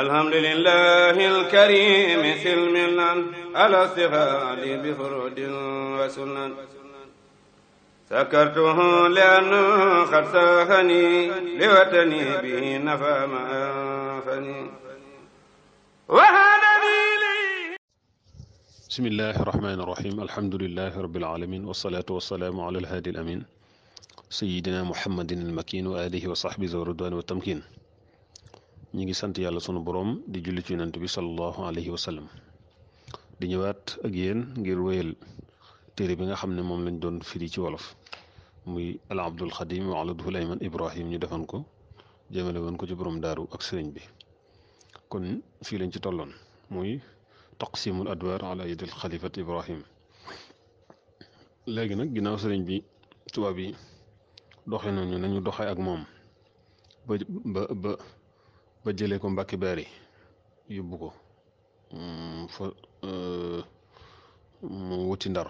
الحمد لله الكريم سلمنا على استفاد بفرود وسنن سكرته لأنه قد ساهني لوطني به نفى ما أنفني وهدني لي بسم الله الرحمن الرحيم الحمد لله رب العالمين والصلاة والسلام على الهادي الأمين سيدنا محمد المكين وآله وصحبه ذو الردوان والتمكين ñi ngi sant yàlla sunu boroom di julli ci yonent bi sallallahu alayhi wa sallam di ñëwaat ak yéen ngir wéyal téere bi nga xam ne moom lañ doon firi ci wolof muy al abdul xadim wa aladul ayman ibrahim ñu defan ko jëmale woon ko ci borom daaru ak sëriñ bi kon fii lañ ci tolloon muy taqsimul adwar ala yadil xalifat ibrahim léegi nag ginnaaw sëriñ bi subaab yi doxe nañu doxe ak moom ba ba ba jëlee ko mbakki bari yóbbu ko mm, fa euh, mu wuti ndar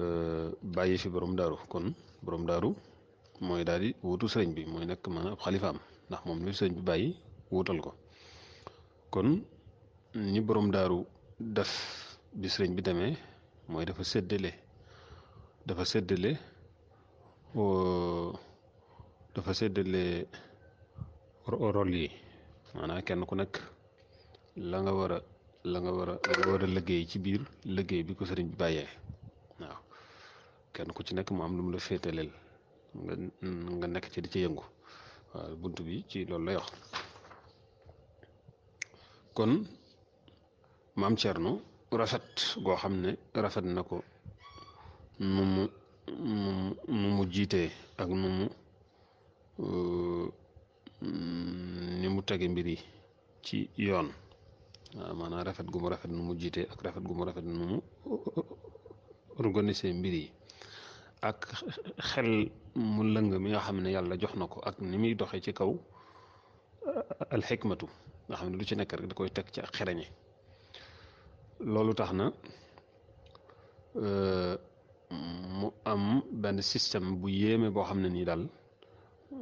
euh, bàyyi fi borom daaru kon borom daaru mooy daal di wutu sëriñ bi mooy nekk maanaam ab xalifaam ndax moom li sëriñ bi bàyyi wutal ko kon ni borom daaru def bi sëriñ bi demee mooy dafa seddale dafa seddale dafa séddale euh, rôle yi maanaam kenn ku nekk la nga war la nga war a la ci biir liggéey bi ko sëriñ bi bàyyee waaw kenn ku ci nekk mu am lu mu la féetaleel nga nekk ci di ci yëngu waaw bunt bi ci loolu lay wax kon maam Thierno rafet goo xam ne rafet na ko nu mu nu mu jiitee ak nu mu euh, Mm, ni mu tege mbir yi ci yoon waaw maanaam rafet gu mu rafet nu mu jiite ak rafet gu mu rafet nu mu organisé mbir yi ak xel mu lëng mi nga xam ne yàlla jox na ko ak ni muy doxee ci kaw uh, alxikmatu nga xam ne lu ci nekk rek da koy teg ci ak xereñe loolu tax na uh, mu am benn système bu yéeme boo xam ne nii daal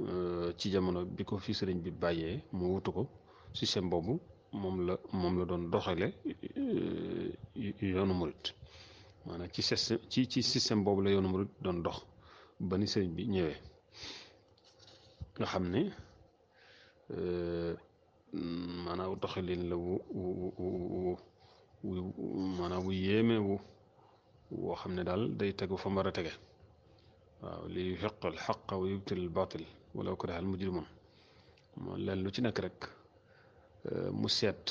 Euh, ci jamono bi ko fi sëriñ bi bàyyee mu wutu ko système boobu moom la moom la doon doxale euh, yoonu murit maanaam ci système ci ci système boobu la yoonu murit doon dox ba ni sëriñ bi ñëwee nga xam ne euh, maanaam doxalin la wu wu wu maanaam wu yéeme wu woo xam ne daal day tegu fa mu war a tege. waaw li yuxiqa al xaqa wa yu al batil walaw kariha al mujrimun moom leen lu ci nekk rek euh, mu seet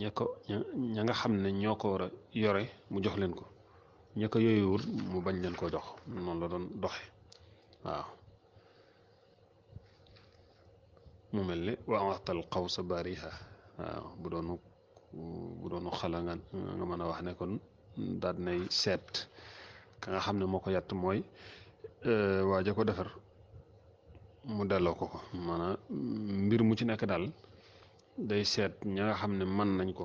ña ko ña nga xam ne ñoo ko war a yore mu jox leen ko ña ko mu bañ leen koo jox noonu la doon doxe waaw mu mel ni wa axtal xaw sa bariha waaw bu doonu bu doonu xala nga nga mën a wax ne kon daal nay seet ka nga xam ne moo ko yàtt mooy euh, waa ja ko defar mu delloo ko ko maanaam mbir mu ci nekk daal day seet ña nga xam ne mën nañ ko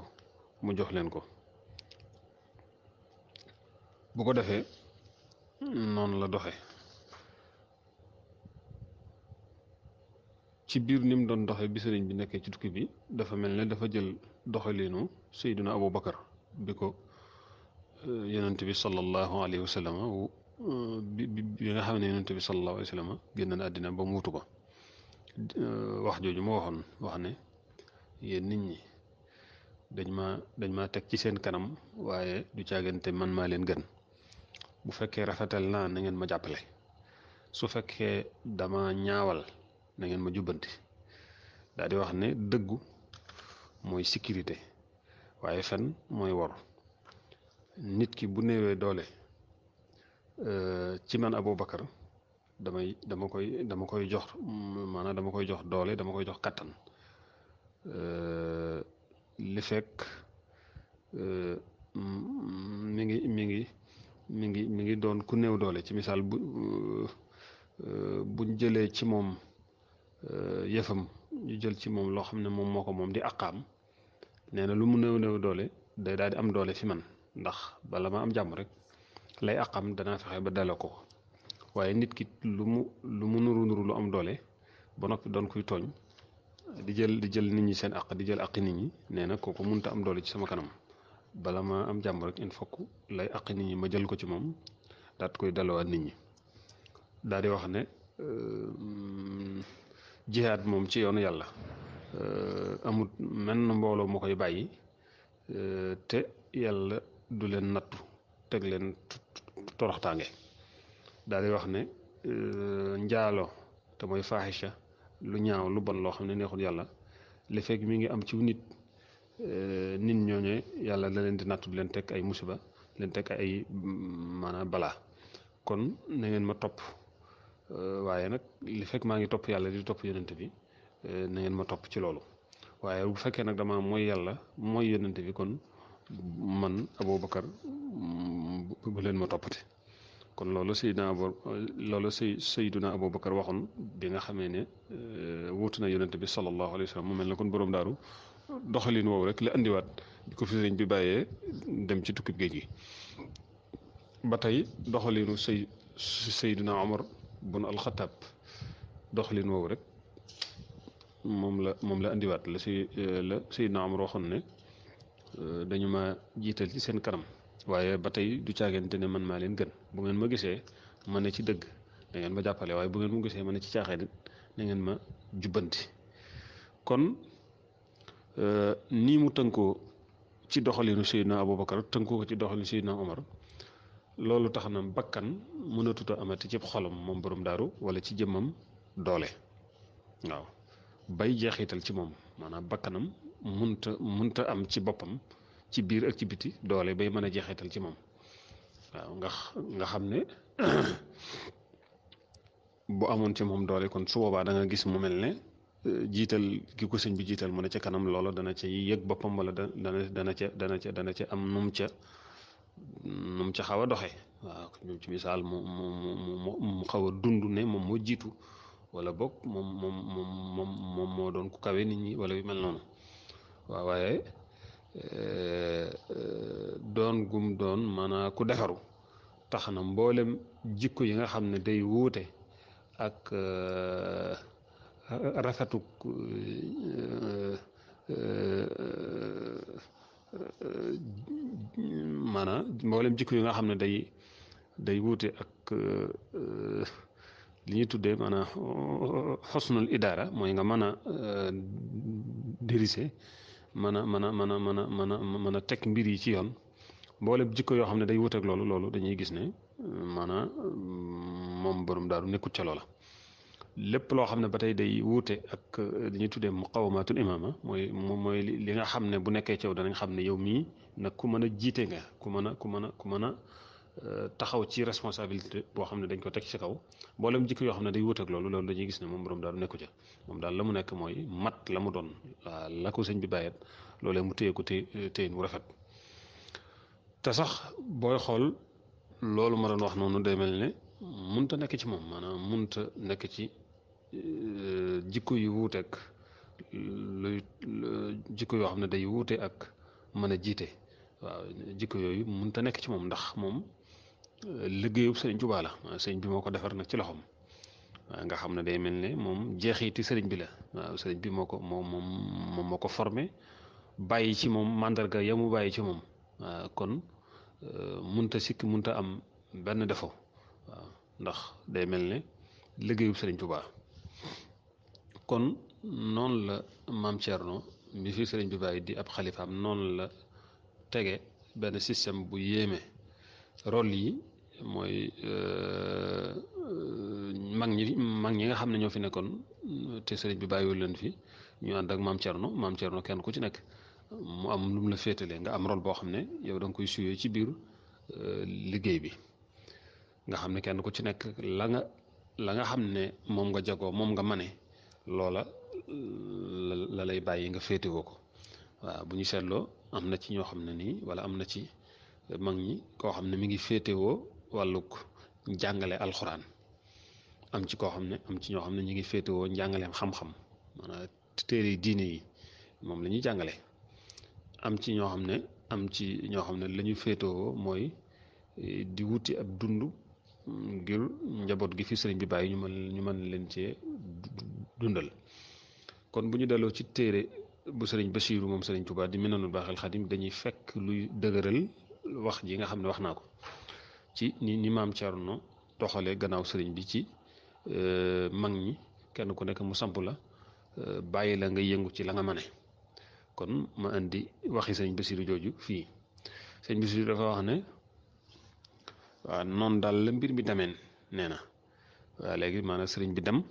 mu jox leen ko bu ko defee noonu la doxe ci biir ni mu doon doxe bi sëriñ bi nekkee ci tukki bi dafa mel ne dafa jël doxaliinu Seydina Abou Bakar bi ko yonent bi sallallahu alayhi wa sallam bi bi nga xam ne yonent bi sallallahu alayhi wa sallam génn na àddina ba muutu ko wax jooju ma waxoon wax ne yéen nit ñi dañ ma dañ maa teg ci seen kanam waaye du caagante man maa leen gën bu fekkee rafetal naa na ngeen ma jàppale su fekkee dama ñaawal nangeen ma jubbanti daal di wax ne dëggu mooy sécurité waaye fen mooy wor nit ki bu néewee doole euh, ci man Aboubacar damay dama koy dama koy jox maanaam dama koy jox doole dama koy jox kattan euh, li fekk euh, mi ngi mi ngi mi ngi mi ngi doon ku néew doole ci misaal bu buñ jëlee ci moom yëfam ñu jël ci moom loo xam ne moom moo ko moom di aqaam nee na lu mu néew new doole day daal di am doole fi man ndax bala ma am jàmm rek lay àqam danaa fexe ba delloo ko waaye nit ki lu mu lu mu nuru nuru lu am doole ba noppi doon kuy tooñ di jël di jël nit ñi seen àq di jël àqi nit ñi nee na kooku munta am doole ci sama kanam bala ma am jàmm rek il faut lay àqi nit ñi ma jël ko ci moom daat koy delloowaat nit ñi daal di wax ne ehm, jihaad moom ci yoonu yàlla ehm, amut menn mbooloo ma koy bàyyi ehm, te yàlla du leen nattu teg leen toroxtaange daal di wax ne euh, njaalo te mooy faaxisha lu ñaaw lu bon loo xam ne neexul yàlla li fekk mi ngi am ci nit euh, nit ñooñe yàlla da leen di nattu du leen teg ay musiba leen teg ay mm, maanaam balaa kon na ngeen ma topp euh, waaye nag li fekk maa ngi topp yàlla di topp yonent bi na ngeen ma topp ci loolu waaye bu fekkee nag dama mooy yàlla mooy yonent bi kon man Aboubacar mm, bu leen ma toppate kon loolu Seydina Abu loolu Sey Seydina Aboubacar waxoon bi nga xamee ne euh, wuutu na yonent bi sallallahu alayhi wa mu mel ne kon borom daaru doxalin woowu rek la indiwaat di ko fi bi bàyyee dem ci tukkib géej gi. ba tey doxaliinu Sey Seydina Omar bun Alxatab doxalin woowu rek moom la moom la indiwaat la Sey euh, la Seydina Omar waxoon ne. Euh, dañu ma jiital ci seen kanam waaye ba tey du caagante ne man maa leen gën bu ngeen ma gisee ma ne ci dëgg dangeen ma jàppale waaye bu ngeen ma gisee ma ne ci caaxaan it na ngeen ma jubbanti kon euh, nii mu tënkoo ci doxalinu Seydina Aboubacar tënkoo ko ci doxalinu Seydina Omar loolu tax na bakkan mënatut a amati ci xolam moom borom daaru wala ci jëmmam doole waaw bay jeexital ci moom maanaam bakkanam munta munta am ci boppam ci biir ak ci biti doole bay mën a jeexeetal ci moom waaw nga nga xam ne boo amoon ci moom doole kon su boobaa da gis mu mel ne eh, jiital ki ko sëñ bi jiital mu ne ca kanam loola dana ca yëg boppam wala da dana dana ca dana ca am num ca num ca xaw a doxee waaw ñoom ci misaal mu mu mu mu xaw a dund ne moom moo jiitu wala boog moom moom moom moo doon ku kawe nit ñi wala yu mel noonu. waaw waaye eh, eh, doon gum doon maanaa ku defaru tax na mboolem jikko yi nga xam ne day wuute ak eh, rafetuk maanaa mboolem jikko yi nga xam ne day day wuute ak li ñuy tuddee maanaam xosnul idaara mooy nga mën a diriger mën a mën a mën a mën a mën a mën a teg mbir yi ci yoon mboolem jikko yoo xam ne day wuteeg loolu loolu dañuy gis ne maanaam moom borom daaru nekkut ca la lépp loo xam ne ba tey day wuute ak euh, li ñuy tuddee muqawamatul imaama mooy mooy li nga xam ne bu nekkee ci yow danañ xam ne yow mii nag ku mën a jiite nga ku mën a ku mën a ku mën a taxaw ci responsabilité boo xam ne dañ ko teg ci kaw mboolem jikko yoo xam ne day loolu dañuy gis ne moom borom daaru nekku ca moom la mu nekk mooy mat la mu doon waa sëñ bi bàyyeet loolee mu téye ko té mu rafet te sax booy xool loolu ma doon wax noonu day mel ne munta nekk ci moom maanaam munta nekk ci euh, jikko yu wuuteeg luy jikko yoo xam ne day wuute ak mën a jiite waaw jikko yooyu munta nekk ci moom ndax moom liggéeyub sëriñ Tuubaa la sëriñ bi moo ko defar nag ci loxoom waaw nga xam ne day mel ne moom jeexiti sëriñ bi la waaw sëriñ bi moo ko moom moom moo ko formé bàyyi ci moom màndarga ya mu ci moom waaw kon euh, munta sikk munta am benn defoo waaw ndax day mel ne liggéeyub sëriñ Tuubaa kon noonu la maam Thierno mi fi sëriñ bi bàyyi di ab xalifaam noonu la tege benn système bu yéeme. rôle yi mooy euh, euh, mag ñi mag ñi nga xam ne ñoo fi nekkoon te sëriñ bi bàyyiwul leen fi ñu ànd ak maam Thierno maam Thierno kenn ku ci nekk mu am lu mu la féetalee nga am role boo xam ne yow da nga koy suyee ci biir euh, liggéey bi nga xam ne kenn ku ci nekk la nga la nga xam ne moom nga jagoo moom nga mane loola la lay bàyyi nga féetewoo ko waa bu ñu seetloo am na ci ñoo xam ne nii walla am na ci. mag ñi koo xam ne mi ngi féetewoo wàlluk jàngale alxuraan am ci koo xam ne am ci ñoo xam ne ñu ngi féetewoo njàngaleem xam-xam maanaam téere diine yi moom la ñuy jàngale am ci ñoo xam ne am ci ñoo xam ne la féetewoo mooy eh, di wuti ab dund ngir njaboot gi fi sëriñ bi bàyyi ñu mën ñu mën leen cee dundal kon bu ñu delloo ci téere bu sëriñ Basiiru moom sëriñ Tuubaa di Minanul Baaxil Xadim dañuy fekk luy dëgëral wax ji nga xam ne wax naa ko ci ni ni maam Thierno toxalee gannaaw sëriñ bi ci euh, mag ñi kenn ku nekk mu samp la euh, bàyyi la nga yëngu ci la nga ma ne kon ma indi waxi sëriñ Bassirou jooju fii sëriñ Bassirou dafa wax ne waaw noonu daal la mbir mi demeen nee na waaw léegi maanaam sëriñ bi dem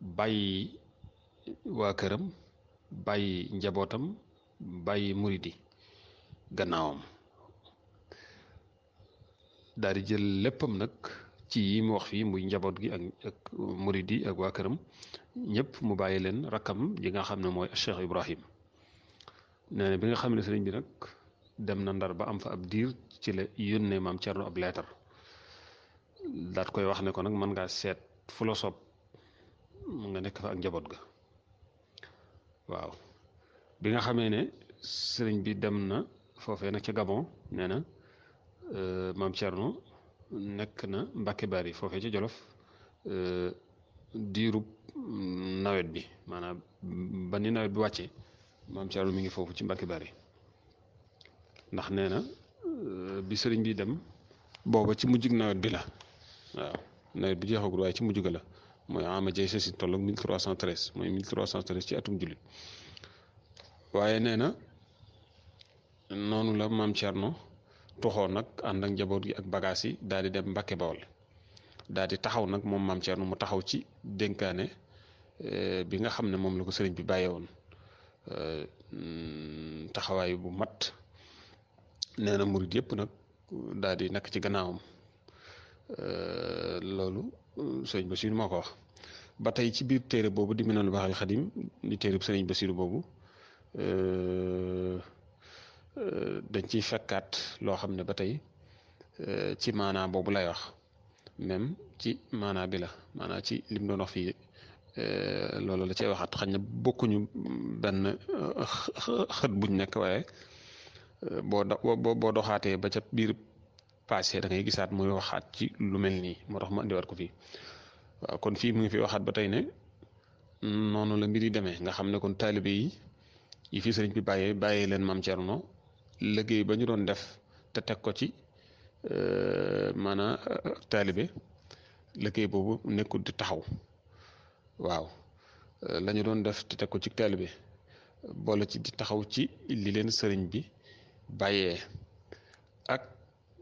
bàyyi waa këram bàyyi njabootam bàyyi muridi gannaawam daal di jël léppam nag ci yi mu wax fii muy njaboot gi ak ak murid yi ak waa këram ñëpp mu bàyyi leen rakkam yi nga xam ne mooy Cheikh Ibrahim nee na bi nga xam ne sëriñ bi nag dem na ndar ba am fa ab diir ci la yónnee maam Thierno ab leetar daat koy wax ne ko nag mën ngaa seet fu la soob nga nekk fa ak njaboot ga waaw bi nga xamee ne sëriñ bi dem na foofee nag ca Gabon nee na. Euh, maam Thierno nekk na baar yi foofee ci Jolof euh, diirub nawet bi maanaam ba ni nawet bi wàccee maam Thierno mi ngi foofu ci Mbacke yi ndax nee na euh, bi sëriñ bi dem booba ci mujjug nawet bi la waaw nawet bi jeexagul waaye ci mujj ga la mooy ama jey sa si tolloog 1313 mooy 1313 ci atum jullit waaye nee na noonu la maam Thierno. toxoo nag ànd ak njaboot gi ak bagages yi daal di dem Mbàkke Bawol daal di taxaw nag moom maam Thierno mu taxaw ci dénkaane eh, bi nga xam ne moom la ko sëriñ bi bàyyee woon eh, taxawaay bu mat nee na murit yépp nag daal di nekk ci gannaawam eh, loolu sëriñ Basiru ma ko wax. ba tey ci biir téere boobu di Minanul Baaxil Xadim di téere sëriñ Basiru boobu. Euh, dañ ciy fekkaat loo xam ne ba tey euh, ci maanaa boobu lay wax même ci maanaa bi la maanaa ci lim doon wax fii euh, loolu la cay waxaat xañ na bokkuñu ban xët buñ nekk waaye boo boo doxaatee ba ca biir passé da ngay gisaat muy waxaat ci lu mel nii moo tax ma indiwaat ko fii waaw kon fii mu ngi fi waxaat ba tey ne noonu la mbir yi demee nga xam ne kon taalibe yi yi fii sëriñ bi bàyyee bàyyee leen maam Cerno liggéey ba ñu doon def te teg ko ci euh, maanaam euh, taalibe liggéey boobu nekkul di taxaw waaw euh, la doon def te teg ko ci taalibe boole ci di taxaw ci li leen sëriñ bi bàyyee ak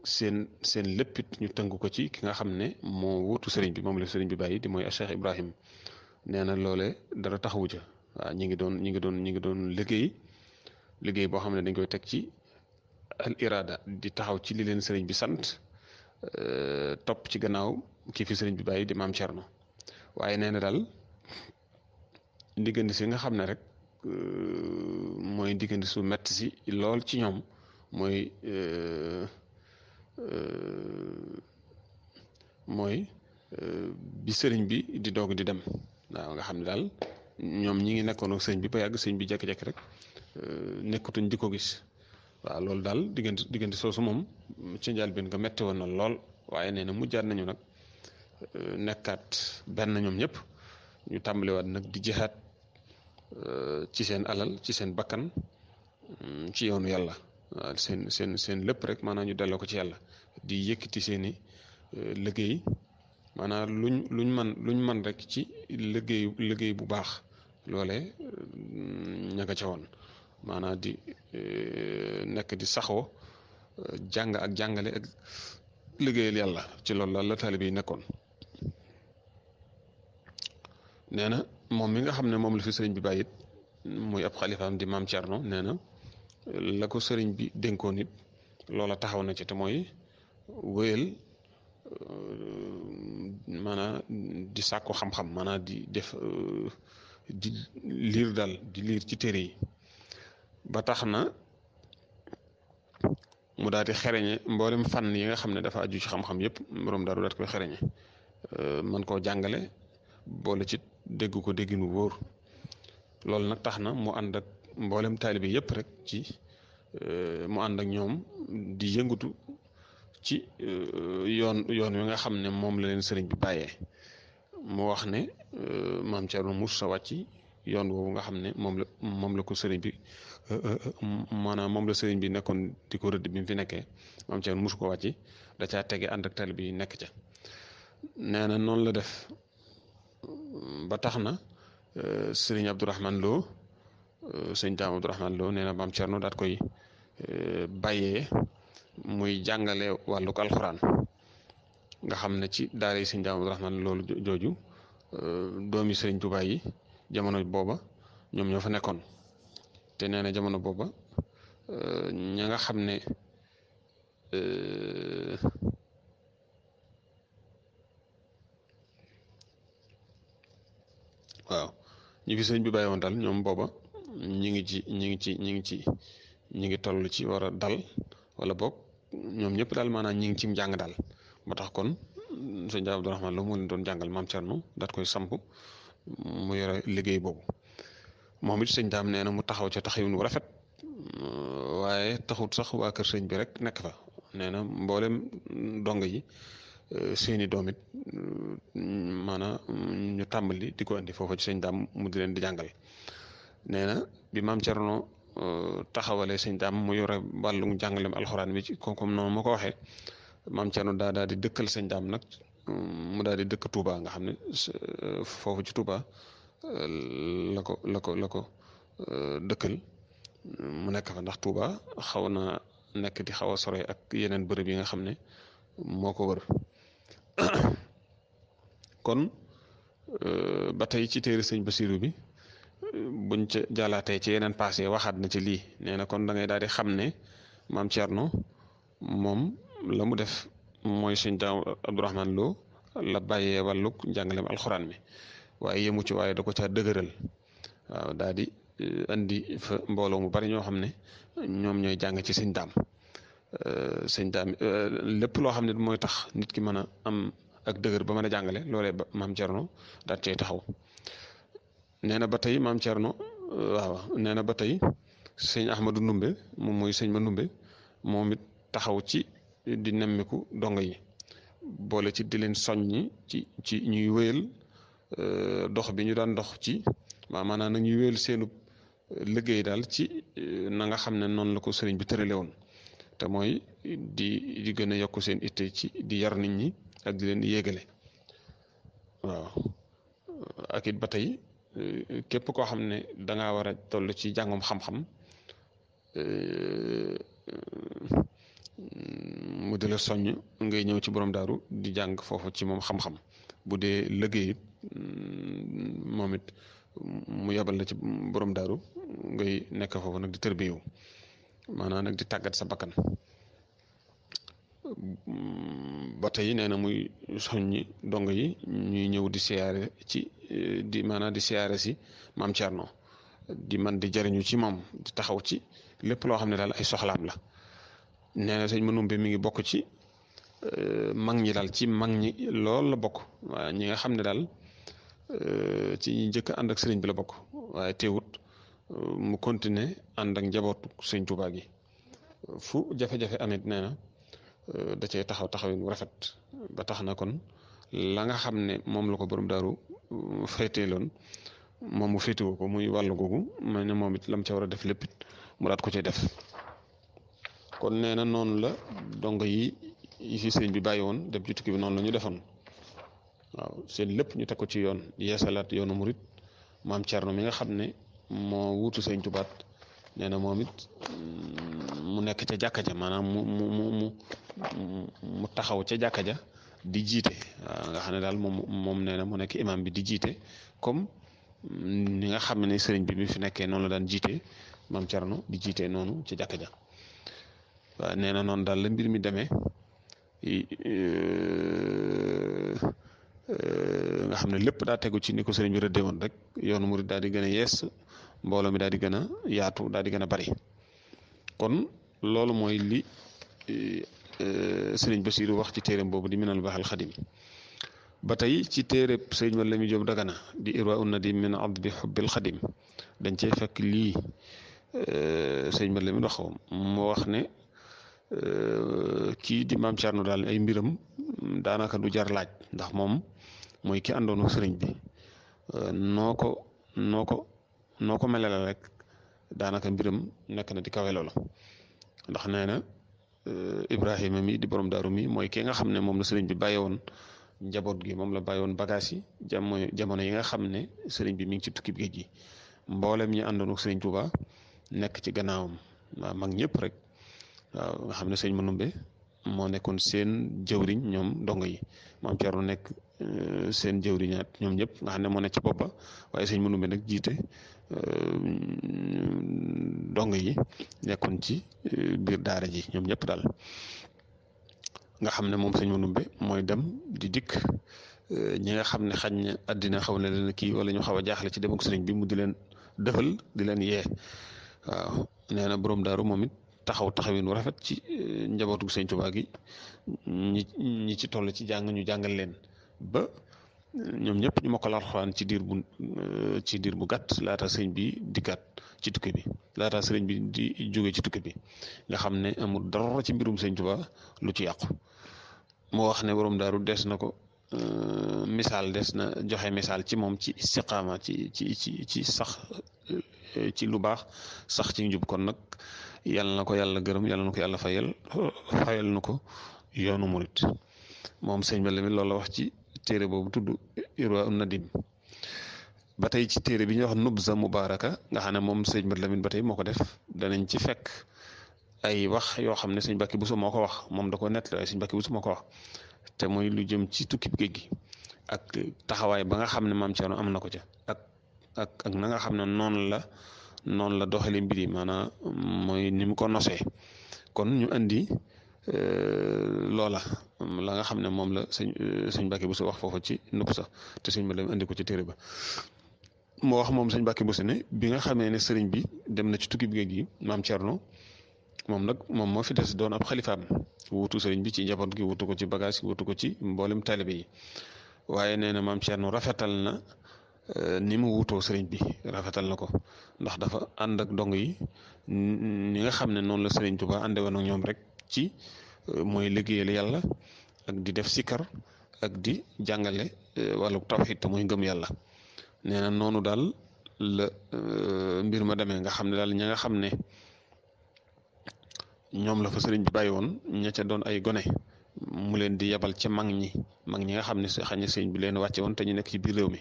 seen seen léppit ñu tënku ko ci ki nga xam ne moo wutu sëriñ bi moom la sëriñ bi bàyyi di mooy Cheikh Ibrahim nee na loole dara taxawu ca waaw ñi ngi doon ñu ngi doon ñi ngi doon liggéey liggéey boo xam ne dañ koy teg ci al irada di taxaw ci li leen sëriñ bi sant euh, topp ci gannaaw kii fi sëriñ bi bàyyi di maam Cerno waaye nee na daal diggante si nga xam ne rek euh, mooy diggante su metti si lool ci ñoom mooy euh, mooy bi sëriñ bi di doog di dem waaw nga xam ne daal ñoom ñi ngi nekkoon ak sëriñ bi ba yàgg sëriñ bi jékki-jékki rek nekkutuñ di ko gis waaw loolu daal diggante diggante soosu moom ci njëlbéen nga metti woon na lool waaye nee na mujjaat nañu nag euh, nekkaat benn ñoom ñëpp ñu tàmbaliwaat nag di jihaat euh, ci seen alal ci seen bakkan mm, ci yoonu yàlla waaw seen seen seen lépp rek maanaam ñu delloo ko ci yàlla di yëkkati seeni euh, liggéey maanaam luñ luñ man luñ man rekk ci liggéey liggéey bu baax loole mm, ña nga ca woon maanaam di e, nekk di saxoo jàng ak jàngale ak liggéeyal yàlla ci loolu la la taalibe yi nekkoon nee na moom mi nga xam ne moom la fi sëriñ bi bàyyit muy ab xalifaam di maam Thierno nee na la ko sëriñ bi dénkoon it loola taxaw na ci te mooy wéyal euh, maanaam di sàkku xam-xam maanaam di def euh, di di liir ci téere yi ba tax na mu daal di xereñe mboolem fànn yi nga xam ne dafa aju ci xam-xam yëpp borom daaru daat koy xereñe euh, mën koo jàngale boole ci dégg ko dégginu wóor loolu nag tax na mu ànd ak mboolem taalibe yëpp rek ci euh, mu ànd ak ñoom di yëngatu ci euh, yoon yoon wi nga xam ne moom la leen sëriñ bi bàyyee mu wax ne maam Thierno Moussa wàcc yoon woowu nga xam ne moom moom la ko sëriñ bi Euh, euh, euh, maanaam moom la sëriñ bi nekkoon di ko rëdd bi fi nekkee maam Thierno mosu ko wàcc da caa tege ànd ak tali nekk ca nee na noonu la def ba tax na sëriñ Abdourahman Lo sëriñ Daam Abdourahman Lo nee na maam Thierno daat koy bàyyee muy jàngale wàllu alxuraan nga xam ne ci daara yi sëriñ Daam Abdourahman loolu jooju doomi sëriñ Tuubaa yi jamono booba ñoom ñoo fa nekkoon. te nee na jamono booba euh, ña nga xam ne euh, waaw ñu fi sëñ bi bàyyi woon daal ñoom booba ñi ngi ci ñi ngi ci ñi ngi ci ñi ngi toll ci war a dal wala boog ñoom ñëpp daal maanaam ñi ngi ci jàng daal moo tax kon sëñ Abdou Rahman lu mu leen doon jàngal maam Thierno daat koy samp mu yore liggéey boobu. moom it sëñ daam nee na mu taxaw ca taxawin wu rafet euh, waaye taxut sax waa kër sëñ bi rek nekk fa nee na mboolem dong yi euh, seeni doom it euh, ñu tàmbali di ko andi foofu ci sëñ daam mu di leen di jàngal nee na bi maam Cerno taxawale sëñ daam mu yore wàllum jàngalem alxuraan bi ci kooku noonu ma ko waxee maam Cerno daa di dëkkal sëñ daam nag mu daal di dëkk Touba nga xam ne foofu ci Touba. Euh, la ko la ko la ko euh, dëkkal mu nekk fa ndax tuuba xaw na nekk di xaw a sore ak yeneen bërëb yi nga xam ne moo ko wër kon euh, ba tey ci téere sëñ Basiru bi buñ ca jàllaatee ci yeneen passé waxaat na ci lii nee na kon dangay daal di xam ne maam no moom la mu def mooy sëñ Daam Abdourahman Lo la bàyyee wàllug njàngaleem alxuraan mi. waaye yemu ci waaye da ko caa dëgëral waaw daal di eh, fa mbooloo mu bari ñoo xam ne ñoom ñooy jàng ci sëñ daam eh, sëñ daam eh, lépp loo xam ne mooy tax nit ki mën a am ak dëgër ba mën a jàngale loole ba maam Thierno daal cay taxaw nee na ba tey maam Thierno waaw nee na ba tey sëñ Ahmadou Ndumbe moom mooy sëñ ma Ndumbe moom it taxaw ci di nemmiku dong yi boole ci di leen soññi ci ci ñuy wéyal. Euh, dox bi ñu daan dox ci maanaam na ñuy wéyal seenu euh, liggéey daal ci euh, na nga xam ne noonu la ko sëriñ bi tërale woon te mooy di di gën a yokk seen itte ci di yar nit ñi ak di leen yéegale waaw ak ba tey képp koo xam ne dangaa war a toll ci jàngum xam-xam mu di la ngay ñëw ci borom daaru di jàng foofu ci moom xam dee liggéey Mm, moom it mu yabal la ci borom daaru ngay nekk foofu nag di tërbiyewu maanaam nag di tàggat sa bakkan mm, ba tey nee na muy soññi dong yi ñuy ñëw di siyaare ci di maanaam di siyaare si maam Thierno di man di jëriñu ci moom di taxaw ci lépp loo xam ne daal ay soxlaam la nee na sëñ Manoumbe mi ngi bokk ci eh, mag ñi daal ci mag ñi lool la bokk waa ñi nga xam ne daal. Euh, ci njëkk ànd ak sëriñ bi la bokk waaye teewut euh, mu continuer ànd ak njabootu sëñ Tuubaa gi fu jafe-jafe amit nee euh, da cee taxaw taxawin wu rafet ba tax na kon la nga xam ne moom la ko borom daaru féeteeloon moom mu féetewoo ko muy wàllu googu ma ne moom it lam ca war a def lépp it mu daat ko cay def kon nee na noonu la dong yi yi fi sëriñ bi bàyyi woon dem ci tukki bi noonu la ñu defoon. waaw seen lépp ñu teg ci yoon yeesalaat yoonu murit maam Thierno mi nga xam ne moo wuutu sëñ tubaat nee na moom mm, mu nekk ca jàkkaja ja maanaam mu mu mu taxaw ca jàkka ja di jiite waaw nga xam ne daal moom moom nee na mu nekk imam bi di jiite comme mm, ni nga xam ne sëriñ bi mi fi nekkee noonu la daan jiite maam Thierno di jiite noonu ca jàkka ja waaw na noonu daal la mbir mi demee. Euh, nga xam ne lépp daa tegu ci ni ko sëriñ bi rëddee woon rek yoonu murid daal di gën a yees mbooloo mi daal di gën a yaatu daal di gën a bari kon loolu mooy li euh, euh, sëriñ Basiiru wax ci téereem boobu di minal baaxal xadim ba tey ci téereb sëriñ Walla mi Jóob Dagana di irwa un nadim min abd bi xubbil xadim dañ cey lii sëriñ Walla wax ne kii di maam Thierno daal ay mbiram daanaka du jar laaj ndax moom mooy ki àndoon ak sëriñ bi euh, noo ko noo ko noo ko melale rek daanaka mbiram nekk na di kawe loola ndax nee na euh, Ibrahima mi di borom daaru mi mooy ki nga xam ne moom la sëriñ bi bàyyi woon njaboot gi moom la bàyyi woon bagage yi jamono jamono yi nga xam ne sëriñ bi mi ngi ci tukki géej gi mboolem ñi àndoon ak sëriñ Touba nekk ci gannaawam waaw mag ñépp rek nga xam ne sëriñ Manoumbe moo nekkoon seen jëwriñ ñoom dongo yi maam Thierno nekk Euh, seen jëwriñaat ñoom ñëpp nga xam ne moo ne ca bopp ba waaye sëñ Manoumbe nag jiite euh, dong yi nekkoon ci euh, biir daara ji ñoom ñëpp daal nga xam ne moom sëñ Manoumbe mooy dem di dikk ñi nga xam ne xañ na àddina xaw na leen kii wala ñu xaw a jaaxle ci demuk sëriñ bi mu di leen dëfal di leen yee nee na borom daaru moom it taxaw taxawin wu rafet ci njabootu sëñ Tuubaa gi ñi ñi ci toll ci jàng ñu jàngal leen ba ñoom ñëpp ñu mokkal alxuraan ci diir bu euh, ci diir bu gàtt laata sëriñ bi dikkaat ci tukki bi laata sëriñ bi di jóge ci tukki bi nga xam ne amul dara ci mbirum sëriñ Tuubaa lu ci yàqu moo wax ne borom daaru des na ko euh, misaal des na joxe misaal ci moom ci istiqaama ci ci ci ci sax euh, ci lu baax sax ci njub kon nag yàlla na ko yàlla gërëm yàlla na ko yàlla fayal fayal na ko yoonu murit moom sëñ bi la loolu wax ci. téere boobu tudd irwa un nadim ba tey ci téere bi ñuy wax nubza mubaraka nga xam ne moom sëñ Mat Lamin ba tey moo ko def danañ ci fekk ay wax yoo xam ne sëñ Bakki Bousso moo ko wax moom da ko nett la sëñ Bakki Bousso moo ko wax te mooy lu jëm ci tukki géej gi ak taxawaay ba nga xam ne maam Thierno am na ko ca ak ak ak na nga xam ne noonu la noonu la doxalee mbir yi maanaam mooy ni ko nosee kon ñu andi Euh, loola laa nga xam ne moom la sëñ euh, sëñ Mbàkke Buso wax foofa ci nupp sax te sëñ ma dem andi ko ci téere ba moo wax moom sëñ Mbàkke Buso ne bi nga xamee ne sëriñ bi dem na ci tukki bi géej gi maam Cerno moom nag moom moo fi des doon ab xalifaam wutu sëriñ bi ci njaboot gi ko ci bagage gi ko ci mboolem taalibe yi waaye nee na maam Cerno rafetal na euh, ni mu wutoo sëriñ bi rafetal na ko ndax dafa ànd ak yi ni nga xam ne noonu la sëriñ Tuubaa àndewoon ak ñoom rek ci euh, mooy liggéeyal yàlla ak di def sikar ak di jàngale euh, wàllu tawxiid te muy ngëm yàlla nee na noonu daal la euh, mbir ma demee nga xam ne daal ña nga xam ne ñoom la fa sëriñ bi bàyyi woon ña ca doon ay gone mu leen di yebal ci mag ñi mag ñi nga xam ne xañ na sëriñ bi leen wàcce woon te ñu nekk ci biir réew mi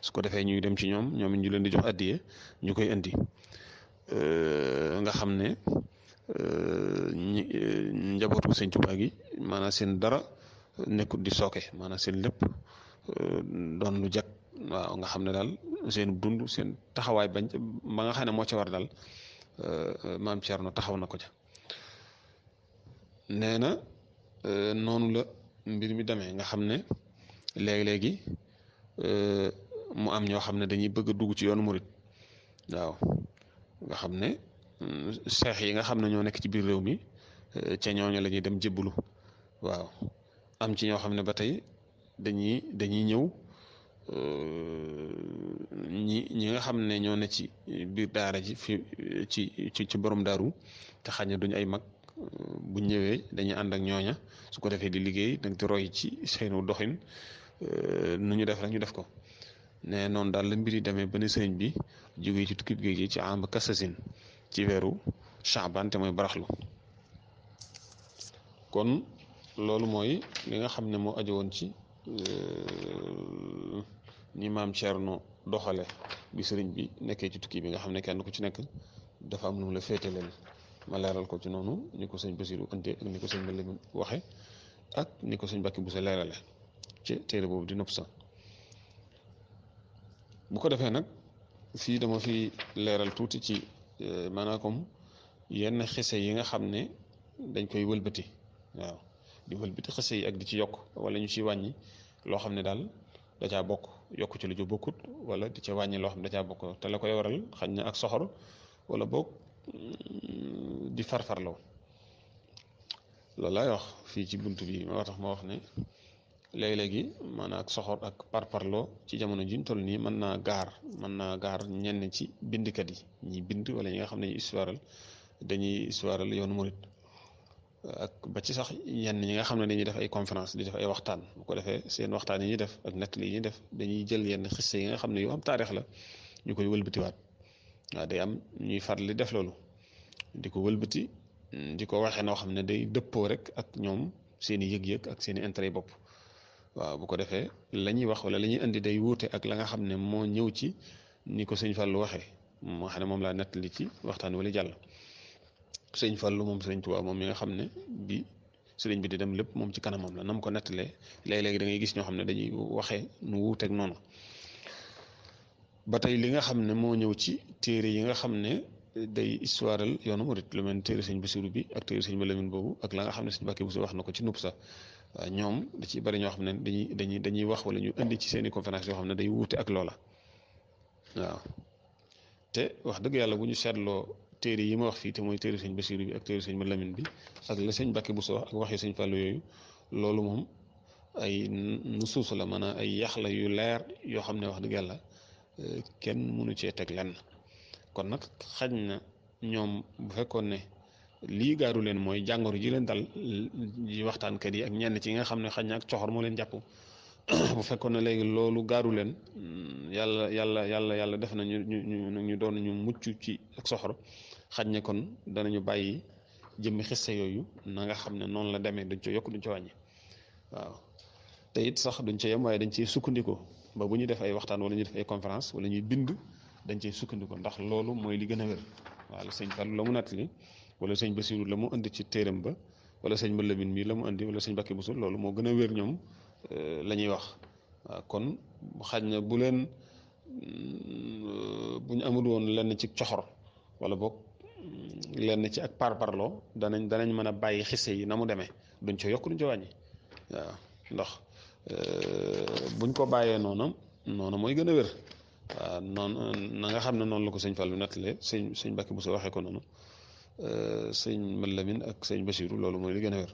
su ko defee ñuy dem ci ñoom ñoom ñu leen di jox addiye ñu koy indi nga xam ne ñi njabootu sëñ Tuubaa gi maanaam seen dara nekkut di sooke maanaam seen lépp euh, doon lu jag waaw nga xam ne daal seen dund seen taxawaay bañ ba nga xam ne moo ca war daal euh, maam Thierno taxaw na ko ca nee na euh, noonu la mbir mi demee nga xam ne léegi-léegi mu am ñoo xam ne dañuy bëgg a dugg ci yoonu murit waaw nga xam ne seex yi nga xam ne ñoo nekk ci biir réew mi eh, ca ñooñu la ñuy dem jébbalu waaw am ci ñoo xam ne ba tey dañuy dañuy ñëw eh, ñi ñi nga xam ne ñoo ne ci biir daara ji fi ci ci ci borom daaru te xañ na duñu ay mag eh, bu ñëwee dañuy ànd ak ñooña su ko defee di liggéey nag di roy ci seenu doxin nu ñu def rek ñu def ko ne noonu daal la mbir yi demee ba ne sëriñ bi jógee ci tukkib géej gi ci àmb kasasin ci weeru Shaaban te mooy baraxlu kon loolu mooy li nga xam ne moo aju woon ci euh, ni maam Cerno doxale bi sëriñ bi nekkee ci tukki bi nga xam ne kenn ku ci nekk dafa am lu la féete ma leeral ko ci noonu ni ko sëñ Basiru ante ak ni ko sëñ Mbale waxe ak ni ko sëñ Bakki bu leerale ci téere boobu di nopp sa bu ko defee nag fii dama fi leeral tuuti ci Euh, maanaam comme yenn xese yi nga xam ne dañ koy wëlbati waaw di wëlbati xese yi ak di ci yokk wala ñu ci wàññi loo xam ne daal da bokk yokk ci lu ju bokkut wala di ci wàññi loo xam ne da bokk te la koy waral xañ na ak soxor wala boog mm, di farfarloo loolu laay wax fii ci bunt bi moo tax ma wax ne léegi-léegi maanaam ak soxor ak parparloo ci jamono juñ toll nii mën naa gaar mën naa gaar ñenn ci bindkat yi ñi bind wala ñi nga xam ne ñu histoiral dañuy histoiral yoonu murit ak ba ci sax ñenn ñi nga xam ne dañuy def ay conférence di def ay waxtaan bu ko defee seen waxtaan yi ñuy def ak nettali yi ñuy def dañuy jël yenn xisse yi nga xam ne yu am taarix la ñu koy wëlbatiwaat waaw day am ñuy farli def loolu di ko wëlbati di ko waxee noo xam ne day dëppoo rek ak ñoom seen yëg-yëg ak seen i intérêt bopp waaw bu ko defee la ñuy wax wala la ñuy indi day wuute ak la nga xam ne moo ñëw ci ni ko sëñ Fallou waxee moo xam ne moom laa nettali ci waxtaan wala jàll sëñ Fallou moom sëriñ moom mi nga xam ne bi sëriñ bi di dem lépp moom ci kanamam la nam ko nettalee léeg-léeg da ngay gis ñoo xam ne dañuy waxee nu wuuteeg noonu ba tey li nga xam ne moo ñëw ci téere yi nga xam ne day histoireal yoonu murit lu mel ne téere bi ak téere sëñ Malamin boobu ak la nga xam ne sëñ Mbàkke Buso wax na ko ci nub sa Euh, ñoom da ci bari ñoo xam ne dañuy dañuy dañuy wax wala ñu indi ci seeni conférence yoo xam ne day wuute ak loola waaw te wax dëgg yàlla bu ñu seetloo téere yi ma wax fii te mooy téere sëñ Basiru bi ak téere sëñ Malamin bi ak la sëñ Bakke bu so wax ak waxi sëñ yooyu loolu moom ay suusu la maanaam ay yax la yu leer yoo xam ne wax dëgg yàlla euh, kenn mënu cee teg lenn kon nag xaj na ñoom bu fekkoon ne lii gaaru leen mooy jàngoro ji leen dal waxtaankat yi ak ñenn ci nga xam ne xañ ak coxor moo leen jàpp bu fekkoon na léegi loolu gaaru leen yàlla yàlla yàlla yàlla def na ñu doon ñu mucc ci ak soxor xaj ne kon danañu bàyyi jëmmi xiste yooyu na nga xam ne noonu la demee duñ ca yokk duñ ci wàññi waaw te it sax duñ ca yem waaye dañ ciy sukkandiku ba bu ñu def ay waxtaan wala ñu def ay conférence wala ñuy bind dañ cey sukkandiku ndax loolu mooy li gën a wér waaw sëñ Fallou wala sëñ Basiru la mu indi ci téeram ba wala sëñ Malamine mii la mu indi wala sëñ Bakki Bousso loolu moo gën a wér ñoom euh, lañuy wax waaw kon xaj na bu leen euh, bu ñu amul woon lenn ci coxor wala boog mm, lenn ci ak parparloo danañ danañ mën a bàyyi xisse yi na mu demee duñ ca yokk duñ ca wàññi waaw ndax euh, buñ ko bàyyee noonu noonu mooy gën a wér waaw na nga xam ne noonu la ko sëñ Fallu nettalee sëñ sëñ bu Bousso waxee ko noonu. Euh, sëñ Malamine ak sëñ Basiru loolu mooy li gën a wér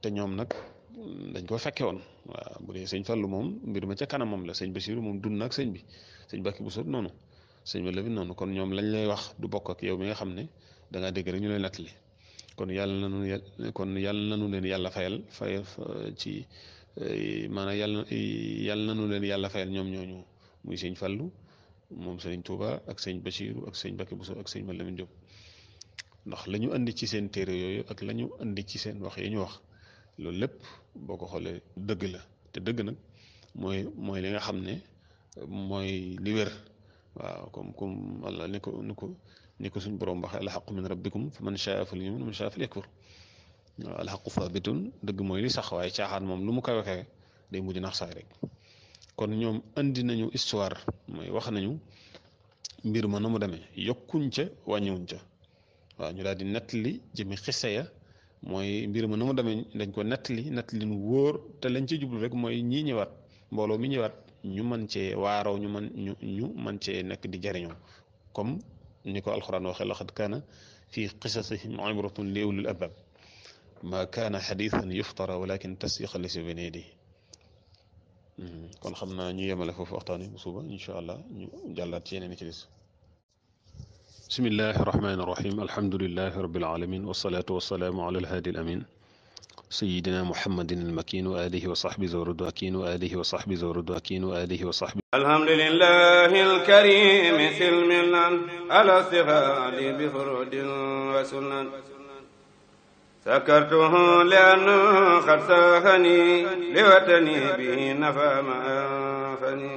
te ñoom nag mm, dañ ko fekke woon waaw bu dee sëñ Fallu moom mbir ma ca kanam moom la sëñ Basiru moom dund na ak sëñ bi sëñ Bakki bu sot noonu sëñ Malamine noonu kon ñoom lañ lay wax du bokk ak yow mi nga xam ne da ngaa dégg rek ñu lay nattali kon yàlla na nu kon yàlla na nu leen yàlla fayal fayal ci maanaam yàlla yàlla na nu leen yàlla fayal ñoom ñooñu muy sëñ Fallu moom sëñ Touba ak sëñ Bachirou ak sëñ Bakke Bousso ak sëñ Malamine Diop ndax la ñu indi ci seen téere yooyu ak lañu indi ci seen wax yi ñu wax loolu lépp boo ko xoolee dëgg la te dëgg nag mooy mooy li nga xam ne mooy li wér waaw comme comme walla ni ko ni ko ni ko suñ borom waxee alxaqu min rabbikum fa man shaa fal yumin man shaa fal yakfur waaw alxaqu saabitun dëgg mooy li sax waaye caaxaan moom lu mu ko waxee day mujj nax saay rek kon ñoom andi nañu histoire mooy wax nañu mbir ma na mu demee yokkuñ ca wàññiwuñ ca waaw ñu daal di nettali jëmi xisa mooy mbir ma nu mu demee dañ ko nettali nettali nu wóor te lañ ci jublu rek mooy ñii ñëwaat mbooloo mi ñëwaat ñu mën cee waaroo ñu man ñu ñu mën cee nekk di jariñoo comme ni ko alxuraan waxee laqad kaana fi qisasihim ibratun li ulil albab ma kaana xadiisan yuftara walakin tasdiqa lasi bayna yadayhi hmm, kon xam naa ñu yemale foofu waxtaan yi bu suba incha allah ñu jàllaat ci yeneen i ci bismillahi irrahmaani irrahim alhamdulilahi rabilalamin wasalaatu wasalaamu ala alhaadi alamin sayidina muhammadin almakin wa alihi wa saxbi zawrudu akin wa alihi wa saxbi zawrudu akin wa alihi wa saxbi alhamdulilahi alkarimi silminan ala sihali bi furudin wa sunan sakartuhu liannu xad saxani liwatani bi nafa ma anfani